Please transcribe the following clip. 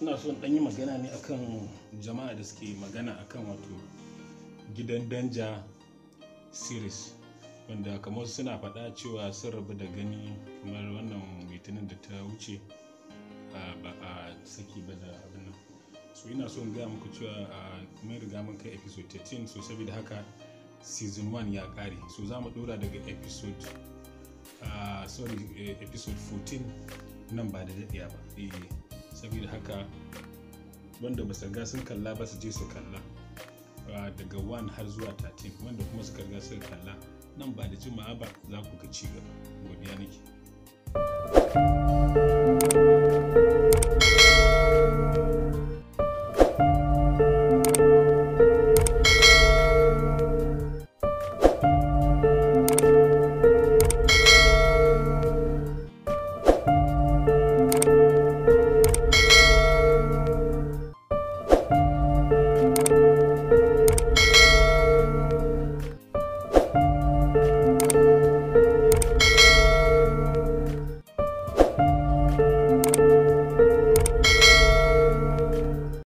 ina so dan yi magana ne akan jama'a da suke magana akan wato gidan danja series wanda kamar suna faɗa cewa sun rabu da gani kamar wannan litinin da ta wuce ba a saki ba da abin nan so ina son gaya muku cewa a mai riga mun kai episode 13 so saboda haka season 1 ya ƙare so za mu ɗora daga episode sorry e, episode 14 nan ba da daɗiya ba e, saboda haka wanda ba riga sun kalla ba su je su kalla daga 1 har zuwa 13 wanda kuma suka karga sun kalla nan ba da jima'a ba za ku ga ci gaba godiya nake